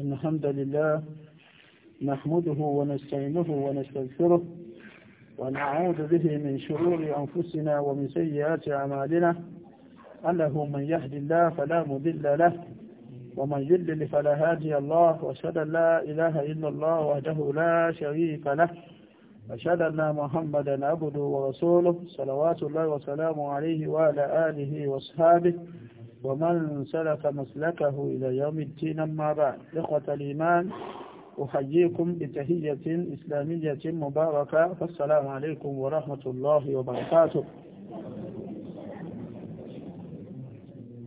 إن الحمد لله نحمده ونستعينه ونستغفره ونعوذ به من شرور أنفسنا ومن سيئات أعمالنا أنه من يهدي الله فلا مضل له ومن يضلل فلا هادي الله وأشهد أن لا إله إلا الله وحده لا شريك له أشهد أن محمدا عبده ورسوله صلوات الله وسلامه عليه وعلى آله وأصحابه ومن سلك مسلكه إلى يوم الدين أما بعد إخوة الإيمان أحييكم بتحية إسلامية مباركة فالسلام عليكم ورحمة الله وبركاته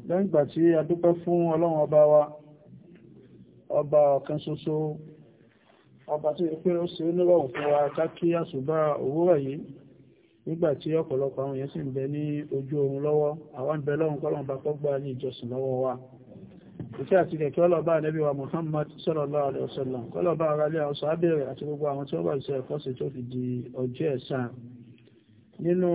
lẹ́yìn ìgbà tí a dúpẹ́ fún ọlọ́run ọba wa ọba ọ̀kan ṣoṣo ọba tí ó pé ó ṣe nírọ̀rùn fún wa ká kí òwúrọ̀ yìí nígbà tí ọ̀pọ̀lọpọ̀ àwọn èèyàn sì ń bẹ ní ojú oorun lọ́wọ́ àwọn ìbẹ̀ lọ́run kọ́lọ́run bá kọ́gbà ní ìjọsìn lọ́wọ́ wa ìfẹ́ àti kẹ̀kẹ́ ọlọ́bá nẹ́bí wa Muhammad sallallahu alaihi wasallam kọlọ́bá ara lé àwọn sàábẹ̀rẹ̀ àti gbogbo àwọn tí wọ́n bá ìṣẹ́ ẹ̀kọ́ sí tó fi di ọjọ́ ẹ̀san nínú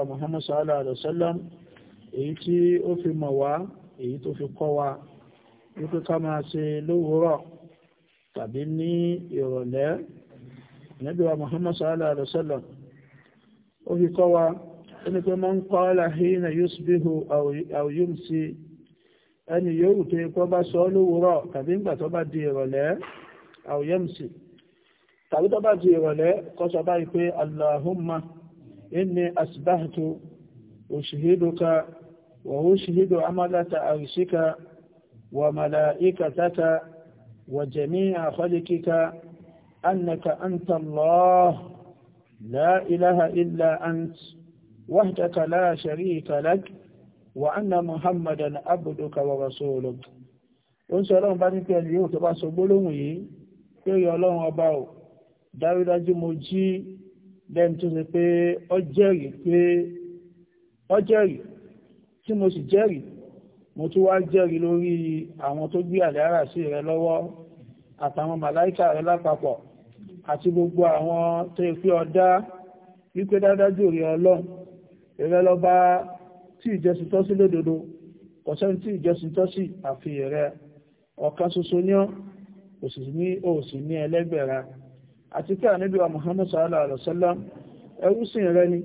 wa Muhammad sallallahu alaihi wasallam èyí tí ó fi mọ̀ wípé ká máa ṣe lówùúrọ̀ tàbí ní ìrọ̀lẹ́ Ànábì wa Muhammad sallallahu alaihi wa sallam ó fi kọ́ wa ẹni pé man qala hina yusbihu aw yumsi ẹni yóò tó ikọ́ bá sọ ọ́ lówùúrọ̀ tàbí ńgbà tó bá di ìrọ̀lẹ́ aw yumsi tàbí tó bá di ìrọ̀lẹ́ kọ́ sọ báyìí pé Allahumma inni asbahtu ushihiduka wa ushihidu amalata arishika وملائكتك وجميع خلقك أنك أنت الله لا إله إلا أنت وحدك لا شريك لك وأن محمدا عبدك ورسولك ó ń sọ ọlọ́run bá ní pé ẹni yóò tó bá sọ gbólóhùn yìí pé yọ ọlọ́run ọba ò dájúdájú mo jí lẹ́nu tó ṣe pé ó jẹ́rìí pé ó jẹ́rìí tí mo sì jẹ́rìí mo tún wá jẹ́rìí lórí àwọn tó gbé àdára sí rẹ lọ́wọ́ àtàwọn màláìkà rẹ lápapọ̀ àti gbogbo àwọn tó fi ọdá wípé dádájú rí ọlọ́run rẹ lọ bá tí ìjọsìn tọ́sí lódodo kọ̀sẹ́ni tí ìjọsìn tọ́sí àfihàn rẹ ọ̀kan ṣoṣo ní òsì ní òsì ní ẹlẹ́gbẹ̀ra àti pé àníbíwá Muhammad sallallahu alaihi wa sallam ẹrú sìn rẹ ni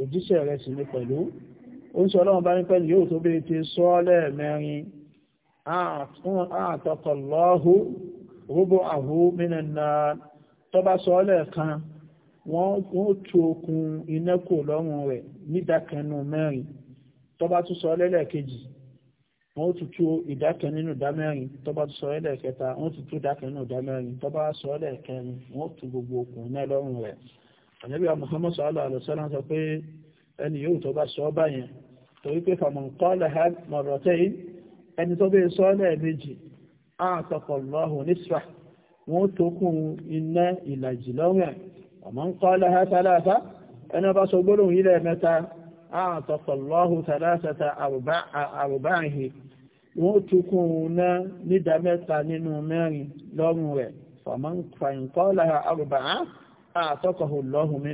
òjíṣẹ́ rẹ sì ni pẹ̀lú ó sọ ọlọ́run bá ní pẹ́lú yóò tó bí ti sọ lẹ́ẹ̀mẹ́rin àtọkọ̀lọ́hù rúbọ̀ àhú mínà tó bá sọ lẹ́ẹ̀kan wọ́n tú okùn iná kò lọ́rùn rẹ̀ nídàkẹ́nu mẹ́rin tó bá tún sọ lẹ́lẹ́kejì wọ́n tún tú ìdákẹ́ nínú tó bá tún sọ lẹ́lẹ́kẹta wọ́n tún tú ìdákẹ́ nínú tó bá sọ lẹ́ẹ̀kẹrin wọ́n tú gbogbo okùn iná lọ́rùn rẹ̀ ànábì Muhammad sallallahu alaihi sọ pé ẹni yóò tó bá sọ ọ́ báyẹn torí pé fàmọ̀ nǹkan lẹ́hà mọ̀rọ̀tẹ́ yìí ẹni tó bẹ́ẹ̀ sọ lẹ́ẹ̀mejì àtọkọ̀ lọ́hùn nísfà wọ́n tó kún iná ìlàjì lọ́rùn ẹ̀ ọmọ nǹkan lẹ́hà tàlàtà ẹni ọba sọ gbólóhùn yìí lẹ́ẹ̀mẹ́ta àtọkọ̀ lọ́hùn tàlàtà àrùbáàhì wọ́n tó kún iná nídà mẹ́ta nínú mẹ́rin lọ́rùn rẹ̀ fàmọ̀ nǹkan lẹ́hà àrùbáà àtọkọ̀ lọ́hùn mí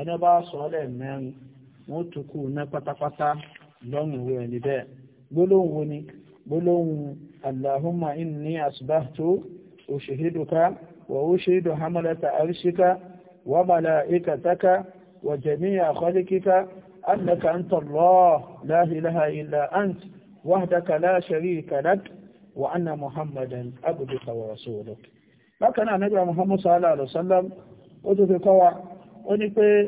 ẹni bá sọ ọ́lẹ̀ mẹ́rin wọ́n tún kú ná pátápátá lọ́rùn ìwé ẹni bẹ́ẹ̀ gbólóhùn wo ni gbólóhùn allahumma inni asbahtu ushihiduka wa ushihidu hamalata arshika wa malaikataka wa jami'a khalikika أنك أنت الله لا إله إلا أنت وحدك لا شريك لك وأن محمدا عبدك ورسولك لكن النبي محمد صلى الله عليه وسلم قلت في قوة ó ní pé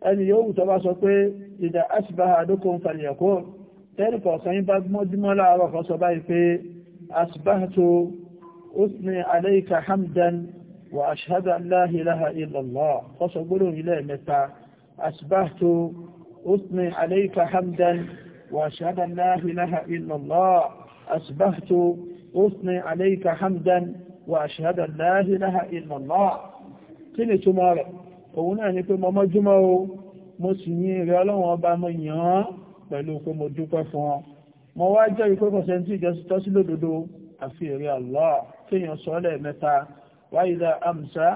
ẹni yóò tó bá sọ pé ìdá asìbáhà àdókòun fàlìyàkó tẹ́rì kọ̀ọ̀kan yín bá mọ́júmọ́ láàárọ̀ kan sọ báyìí pé asìbáhàtò usni alayka hamdan wa ashhadu an la ilaha illallah kọ́sọ̀ gbọ́dọ̀ ilẹ̀ mẹ́ta hamdan wa ashhadu an la kí ni túmọ̀ rẹ̀ òun náà ni pé mo mọ́júmọ́ o mo sì yìn rẹ ọlọ́run ọba mo yàn án pẹ̀lú pé mo dúpẹ́ fún ọ mo wá jẹ́ ìpé kọ̀sẹ̀ntì ìjọsìn tọ́sí lódodo àfi èrè àlọ́ kéèyàn sọ lẹ́ẹ̀mẹ́ta wáyídá àmsá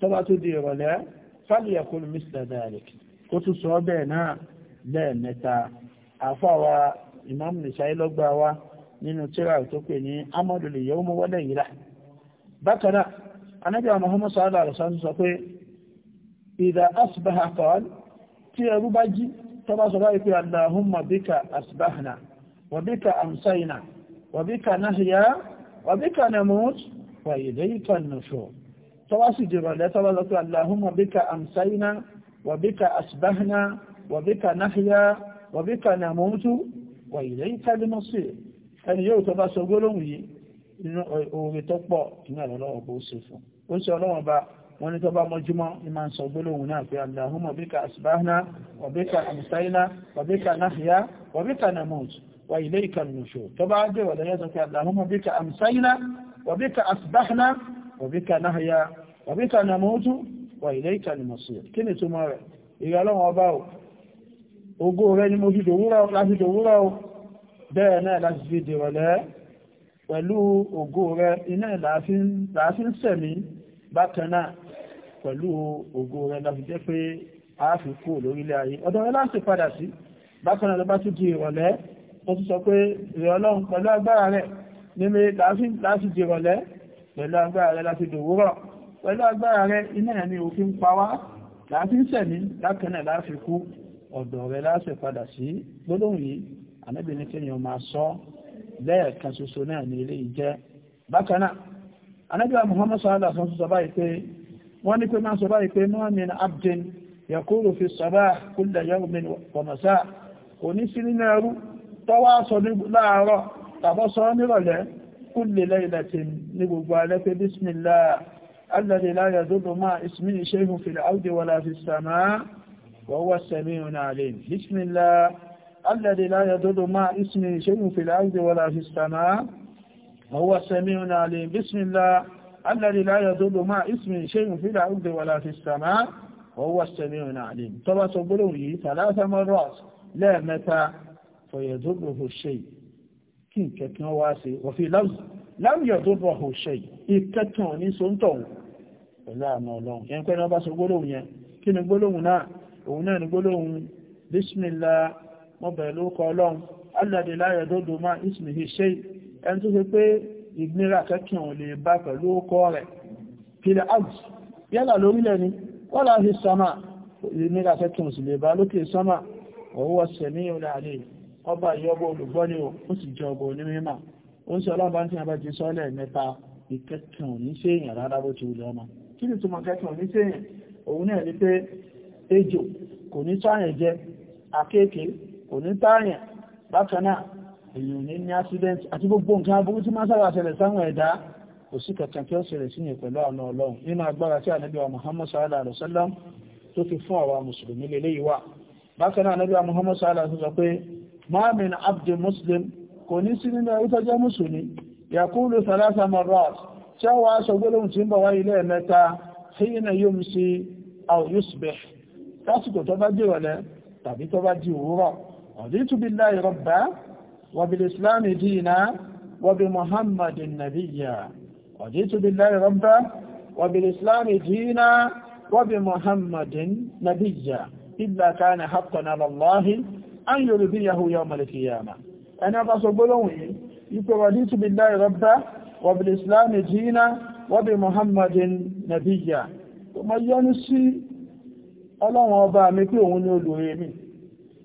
tọ́bá tó di ìrọ̀lẹ́ fàlìyàkùn mr dalek ó tún sọ bẹ́ẹ̀ náà lẹ́ẹ̀mẹ́ta àfáwa imam nìṣáyé lọ́gbà wa nínú tíra tó pè ní amadu lè yẹ ó mú wọlé yìí rà bákan náà anábíà ìdá asbáhà kọ́ọ̀lù tí ẹrú bá jí tó bá sọ bá ìpé Allahumma bíkà asbáhàna wàbíkà amsáyìnà wàbíkà náhìyà wàbíkà namut wà ìdẹ́yìkà nùṣọ́ tó bá sì dìrọ̀lẹ́ tó bá sọ pé Allahumma bíkà amsáyìnà wàbíkà asbáhàna wàbíkà náhìyà wàbíkà namut wà ìdẹ́yìkà lẹ́mọ́sí ẹni yóò tó bá sọ gbólóhùn yìí nínú oore tó pọ̀ nínú ọ̀rọ̀ ọ̀bọ̀ ṣe fún ó ṣe ọlọ́wọ́n bá wọ́n ní tó bá mọ́júmọ́ ní máa ń sọ gbólóhùn náà pé Allahumma bika asbahna wa bika amsayna wa bika nahya wa bika namut wa ilayka an-nushur tó bá dé wà lẹ́yẹ́ tó pé Allahumma bika amsayna wa bika asbahna wa bika nahya wa bika namut wa ilayka al pẹ̀lú ògo rẹ̀ láti jẹ́ pé a fi kú lórílẹ̀ ayé ọ̀dọ̀ rẹ̀ láti padà sí bákan náà ló bá tún di ìrọ̀lẹ́ ó tún sọ pé rẹ̀ ọlọ́run pẹ̀lú agbára rẹ̀ níbi láti di ìrọ̀lẹ́ pẹ̀lú agbára rẹ̀ láti dòwúrọ̀ pẹ̀lú agbára rẹ̀ iná ẹ̀mí òfin pa wá láti ń sẹ̀mí lákẹ́nẹ̀ láti kú ọ̀dọ̀ rẹ̀ láti padà sí gbólóhùn ní kéèyàn máa sọ lẹ́ẹ̀kan ṣoṣo sọ báyìí pé wọ́n ní pé máa sọ báyìí pé máa min abdin yakúrò fi sabah kulla yawmin wa masa kò ní sí nínú ẹrú tọ́wọ́ sọ láàárọ̀ tàbọ́sọ nírọ̀lẹ́ kulli laylatin ní gbogbo alẹ́ pé bismillah الذي لا يضر الذي لا يدل مع اسم شيء في الأرض ولا في السماء وهو السميع العليم طبعا تقولوا ثلاث مرات لا متى فيدره الشيء كن كتن واسي وفي لفظ لم يدره الشيء ìkẹtàn ní sóńtọ̀hún pẹ̀lú àmà ọlọ́run yẹn pẹ́lú ọba sọ gbólóhùn yẹn kí ni gbólóhùn náà òun náà ni gbólóhùn bísmìlá mọ́bẹ̀lú kọ ọlọ́run aládìláyẹ̀dọ́dọ̀ tó fi pé ìgbéra kẹ́kí òun lè bá pẹ̀lú ọkọ rẹ̀ pílẹ̀ out yálà lórílẹ̀ ni wọ́n láti sọ́mà ìgbéra kẹ́kí òun sì lè bá lókè sọ́mà ọwọ́ sẹ̀mí ìrìn àlè ọba ìyọ́bọ̀ olùgbọ́ni ó sì jẹ ọbọ̀ onímọ̀ ó ń sọ ọlọ́ba tí a bá jẹ sọ́lẹ̀ mẹ́ta ìkẹ́kùn ní sẹ́yìn rárá bó ti wùlọ ọmọ ni túnmọ̀ kẹ́kùn ní sẹ́yìn òun náà ní pé ejò kò ní táyẹ̀ jẹ akéèké kò ní táyẹ̀ èyàn ní ní accident àti gbogbo nǹkan aburú tí máa sára ṣẹlẹ̀ sáwọn ẹ̀dá kò sí kankan tí ó ṣẹlẹ̀ sí ní pẹ̀lú ọ̀nà ọlọ́run nínú agbára tí ànábì wa Muhammad sallallahu alaihi wasallam tó fi fún àwa mùsùlùmí lè léyìí wà bákan náà ànábì wa Muhammad sallallahu alaihi wasallam sọ pé muslim kò ní sí nínú ẹ̀rí tọ́jọ́ mùsùlùmí yaqulu thalatha marrat tí a wá aṣọ hina yumsi aw yusbih lásìkò tó bá jẹ́ ìrọ̀lẹ́ tàbí tó bá di billahi rabba وبالإسلام دينا وبمحمد نبيا رضيت بالله ربا وبالإسلام دينا وبمحمد نبيا إلا كان حقا على الله أن يرضيه يوم القيامة أنا بصبلوني رضيت بالله ربا وبالإسلام دينا وبمحمد نبيا mo ينسي sí ọlọ́run ọba mi pé òun ni olùrẹ́ mi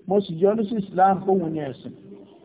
mo sì yọ́nú sí Islam kóhun ni ẹ̀sìn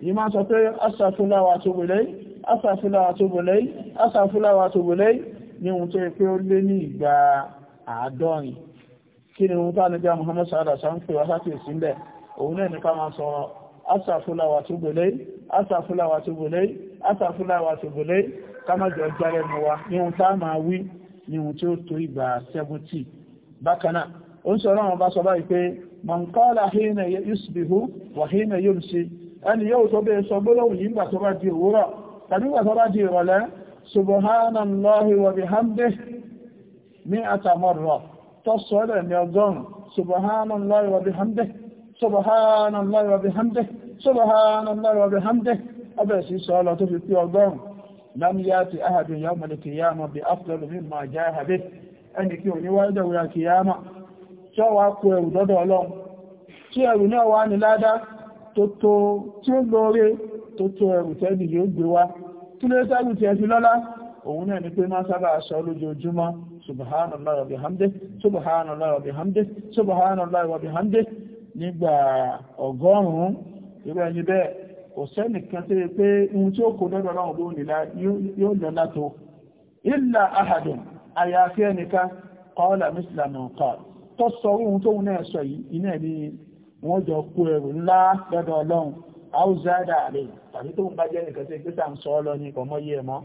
yìí máa sọ pé asàfúláwà tó bò lẹ́yìn asàfúláwà tó ohun tó pé ó lé ní ìgbà àádọ́rin kí ni ohun tó àníjá Muhammad sa'adà sá ń pè wá sáfì sílẹ̀ òun náà nípa máa sọ asàfúláwà tó bò lẹ́yìn asàfúláwà tó bò lẹ́yìn asàfúláwà tó bò lẹ́yìn ká má jọ jálẹ̀ mọ́ wa ní ohun tá a tó ìgbà 70 bákan náà ó ń sọ ẹni yóò sọ bẹ́ẹ̀ sọ gbólóhùn yìí gbà tó bá di òwúrọ̀ tàbí gbà tó bá di ìrọ̀lẹ́ subhanallahi wa bihamdihi mi'ata marra tó sọ ẹ̀ ní ọgọ́rùn subhanallahi wa bihamdihi subhanallahi wa bihamdihi subhanallahi dọ́dọ̀ ọlọ́run tí ẹrù náà wá ní ládá tó tó tí ó lóore tó tó ẹrù tẹ́lì yóò gbé wá kí ló sẹ́rù tí ẹ fi lọ́lá òun náà ni pé máa sábà aṣọ lójoojúmọ́ subhanallah wa bihamdih subhanallah wa bihamdih subhanallah wa bihamdih nígbà ọgọ́rùn-ún irú ẹni bẹ́ẹ̀ kò sẹ́nìkan tí pé ohun tí ó kò lọ́dọ̀ láwọn bó tó sọ náà sọ yìí iná ẹni wọ́n jọ kó ẹrù ńlá lọ́dọ̀ ọlọ́run áúzádà rẹ̀ tàbí tó ń bá jẹ́ nìkan tí pítà ń sọ lọ ní kọmọ́yé ẹ̀mọ́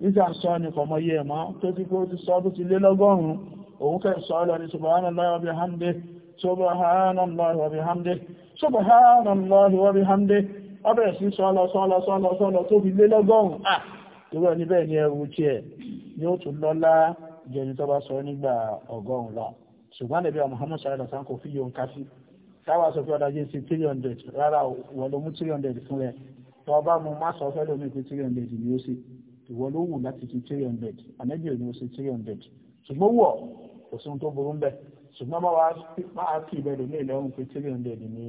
pítà ń sọ ní kọmọ́yé ẹ̀mọ́ tó ti kó ti sọ tó ti lé lọ́gọ́rùn-ún òun kẹ́ sọ lọ ní subhanallahi wa bihamdih subhanallahi wa bihamdih subhanallahi wa bihamdih ọbẹ̀ sí sọ́lọ tó fi lé lọ́gọ́rùn-ún Muhammad sallallahu alaihi wasallam kò fi yóò táwà sọ pé ọ̀dà jẹ́ sí three hundred rárá ìwọ ló mú three hundred fún rẹ tó ọba mu má sọ fẹ́ lómi pé three hundred ni ó sì ìwọ ló wù láti fi three hundred ànábì ò ní ó sì three hundred ṣùgbọ́n wọ̀ kò sí ohun tó burú ń bẹ̀ ṣùgbọ́n bá wàá kí ìbẹ̀rù ní ìlẹ́rùn pé three hundred ni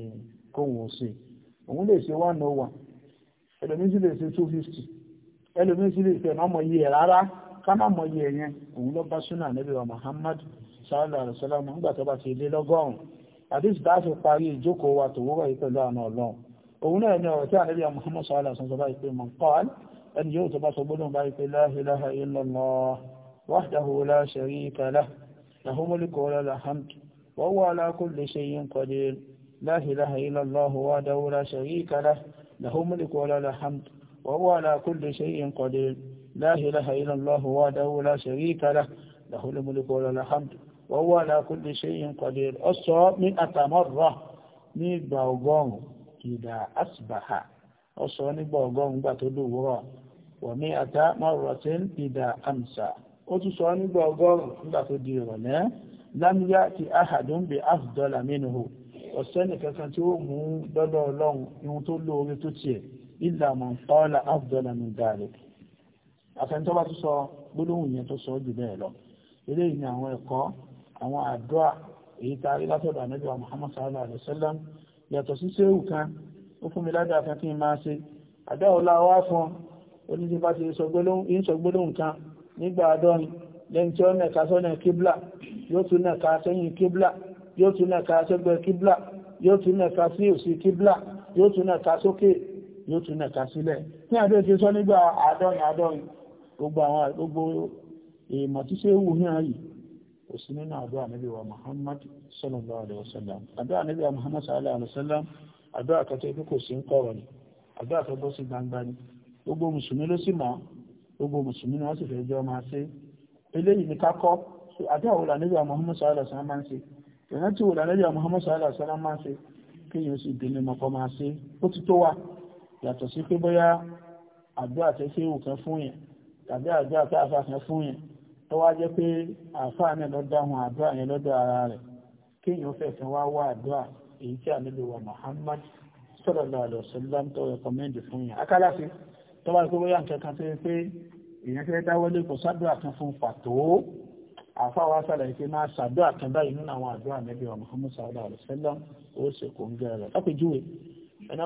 kóhùn ó sì òun lè ṣe one oh one ẹlòmíín sì lè ṣe two fifty ẹlòmíín sì lè ṣe ọ̀nà ọmọ iye rárá ká má mọ iye yẹn òun ló bá súnà ànábì wa Muhammad sallallahu alayhi wa sallam nígbà tó bá ti lé lọ́gọ́rùn-ún àdíṣì bá ṣe parí ìjókòó wa tòwúrọ̀ yìí pẹ̀lú àna ọlọ́run òun náà ni ọ̀rọ̀ tí ànábì Muhammad sallallahu alaihi wasallam ìpé man qala ẹni yóò tó bá sọ gbọ́dọ̀ bá ìpé la ilaha illallah wahdahu la wa huwa ala kulli shay'in qadir ọ̀sọ́ ní àtàmọ́rọ̀ ní ìgbà ọgọ́rùn-ún ìdá asbaha ọ̀sọ́ nígbà ọgọ́rùn-ún gbà tó dòwúrọ̀ wa ní àtàmọ́rọ̀tín ìdá amsa ó tún sọ nígbà ọgọ́rùn-ún nígbà tó di ìrọ̀lẹ́ bi afdala minhu ọ̀sẹ́ nìkankan tí ó mú o ọlọ́run àwọn àdúrà èyí tá a rí wa muhammad sallallahu alaihi wasallam sallam yàtọ̀ sí séwù kan ó fún mi ládàá kan kí n máa ṣe àdáwò láwá fún ó ní tí bá ti sọ gbólóhùn kan nígbà àádọ́rin lẹ́yìn tí ó nẹ̀ka sọ́nà kíblà yóò tún nẹ̀ka sẹ́yìn kíblà yóò tún nẹ̀ka sẹ́gbẹ̀ kíblà yóò tún nẹ̀ka sí sókè yóò tún nẹ̀ka sílẹ̀ kò sí nínú àdúrà níbi wa Muhammad sallallahu alaihi wasallam àdúrà níbi wa Muhammad sallallahu alaihi wasallam àdúrà kan tó ikú kò sí ń kọ̀rọ̀ ni àdúrà tó bọ́ sí gbangba ni gbogbo mùsùlùmí ló sì mọ̀ gbogbo mùsùlùmí ni wọ́n sì fẹ́ jọ máa ṣe eléyìí ni ká kọ́ àdúrà wo lànàbí wa Muhammad sallallahu alaihi wasallam máa ń ṣe ìrántí wo lànàbí wa Muhammad sallallahu alaihi wasallam máa ń ṣe kéèyàn sì dín mọ́kọ́ máa ṣe ó ti tó wa yàtọ̀ sí pé bóyá àdúrà tẹ́fẹ́ òkan fún yẹn tàbí àdúrà tẹ́ àfàkàn fún yẹn tó wá jẹ́ pé àáfàá náà lọ dáhùn àdúrà yẹn lọ́dọ̀ ara rẹ̀ kéèyàn fẹ̀sẹ̀ wá wá àdúrà èyí tí ànábì wa Muhammad sallallahu alaihi wasallam tó rẹ̀kọ́mẹ́ndì fún yẹn akálàfi tó bá rí pé bóyá nǹkan kan tó yẹ pé èèyàn fẹ́ dáwọ́lé kò sádùá kan fún pàtó àáfàá wa Muhammad sallallahu alaihi wasallam ó sì kò ń gẹ̀rẹ̀ lọ́pẹ̀júwe ẹ̀nà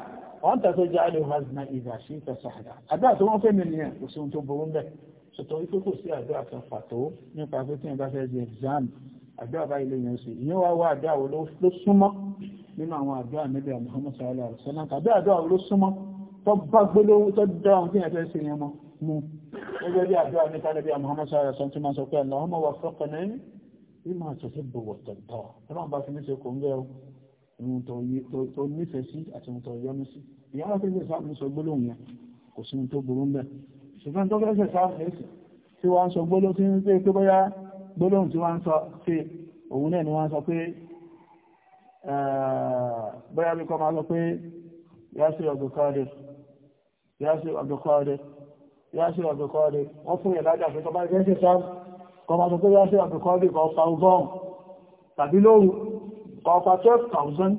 wọ́n tàbí jáde wazna ìgbà sí ìtẹ̀sàdá àdúrà tó wọ́n fẹ́ mi nìyẹn kò sí ohun tó burú bẹ̀ ṣètò ikú kò sí àdúrà kan pàtó nípa pé tí wọ́n bá fẹ́ di exam àdúrà bá ilé yẹn sí ìyẹn wá wá àdúrà wo ló súnmọ́ nínú àwọn àdúrà níbi Muhammad sallallahu alaihi wasallam tàbí àdúrà wo ló súnmọ́ tó bá gbólówó tó dá ohun ohun tó nífẹ̀ẹ́ sí àti ohun tó yọ́nú sí ìyá wọ́n fẹ́ẹ́ sá ń sọ gbólóhùn yẹn kò sí ohun tó burú ńbẹ̀ ṣùgbọ́n tó fẹ́ẹ́ sá fẹ́ẹ́sì tí wọ́n sọ gbólóhùn tí ń pé pé bóyá gbólóhùn tí wọ́n sọ pé òun náà ni wọ́n sọ pé bóyá bí kọ́ máa sọ pé Yasir Abdulkadir Yasir Abdulkadir Yasir Abdulkadir wọ́n fún yẹ̀ lájà pé tọ́ bá gẹ́gẹ́ sá kọ́ máa sọ pé Yasir Abdulkadir kọ́ pa ọgọ́rùn-ún tàbí lóru kọfà 12,000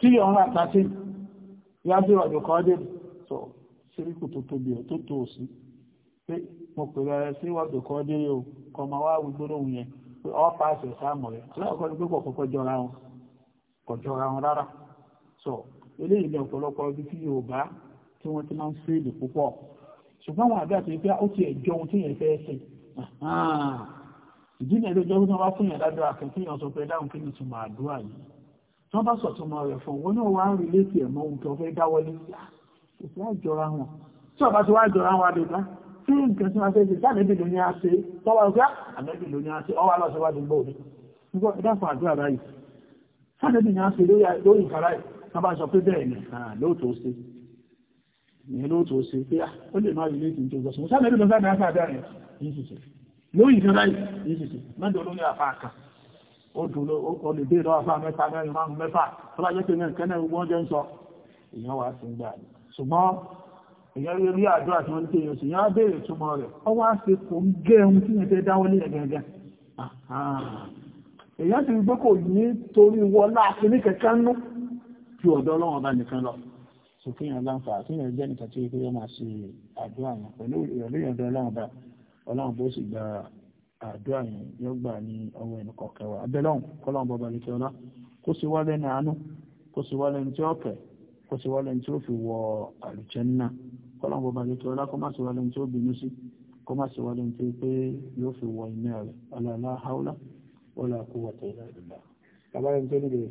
tí ọ̀rọ̀ àtàtì yájú ọ̀dọ̀ kọ́dé tó síríkù tó tóbi ẹ̀ tó tó sí pé mo pèrè ẹ̀ sí ọ̀dọ̀ kọ́dé yóò kọmọ wá wígbóró yẹn pé ọ́ pàṣẹ sáàmù rẹ̀ aláàkọ́ ni pé kò kọ́kọ́ jọra wọn rárá so eléyìí ni ọ̀pọ̀lọpọ̀ ibi tí Yorùbá tí wọ́n ti máa ń fèèlì púpọ̀ ṣùgbọ́n àwọn àgbà ti ìdí ní ẹlẹ́jọ́ tí wọ́n bá fún yàn ládùúrà kan kí yàn sọ pé dáhùn kí ni tún máa dúà yìí tí wọ́n bá sọ tún mọ rẹ̀ fún wọn náà wá ń rí létí ẹ̀mọ́ ohun tó fẹ́ dáwọ́lé kò sí àjọra wọn tí ọba ti wá jọra wọn àdùgbà tí nǹkan tí wọ́n fẹ́ ṣe sáà níbi lóní àṣẹ tọ́wọ́ ọgbà àmẹ́bí lóní àṣẹ ọwọ́ lọ́sẹ̀ wá dùgbò mi nígbà dáfọ̀ àdúrà báyìí sáà níbi ní àṣẹ lórí ìkàrà yìí wọ́n bá sọ pé bẹ́ẹ̀ ni ah, lóòótọ́ ṣe ìyẹn lóòótọ́ ṣe pé ah, lórí ìjọba ìṣẹ̀ṣẹ̀ mẹ́jọ lórí àfá kan olùdé lọ àfá mẹ́ta mẹ́rin márùn mẹ́fà tó bá jẹ́ pé mẹ́rin kẹ́nẹ̀ wọ́n jẹ́ ń sọ èèyàn wà sí gbà ní ṣùgbọ́n èèyàn rí rí àjọ àti wọn tí èèyàn sì yán béèrè túmọ̀ rẹ̀ ọ wá sí kò ń gé ohun tí yẹn fẹ́ dáwọ́ ní ẹ̀gẹ̀gẹ̀ èèyàn sì gbé kò ní torí wọlá àti ní kẹ̀kẹ́ nú ju ọ̀dọ́ ọlọ́run ọba nìkan lọ sùkúnyàn láǹfà àti ìyẹn nìkan tí ó máa ṣe àdúrà pẹ̀lú ìrọ̀lẹ́yìn ọ̀dọ́ ọlọ́run ọba ọlọ́run bó sì gba àdúrà yẹn yóò gbà ní ọwọ́ ẹnu kọ̀ọ̀kẹ́ wa abẹ́lọ́hùn kọ́lọ́run bọ́ba lè tẹ́ ọlá kó sì wá lẹ́nu àánú kó sì wá lẹ́nu tí ó kẹ́ kó sì wá lẹ́nu tí ó fi wọ àlùjánnà kọ́lọ́run bọ́ba lè tẹ́ ọlá kó má sì wá lẹ́nu tí ó bínú sí kó má sì wá lẹ́nu tí ó pé yóò fi wọ iná rẹ̀ ọlọ́lá haúlá wọ́lá kó wọ́tẹ̀ ìlà ìlà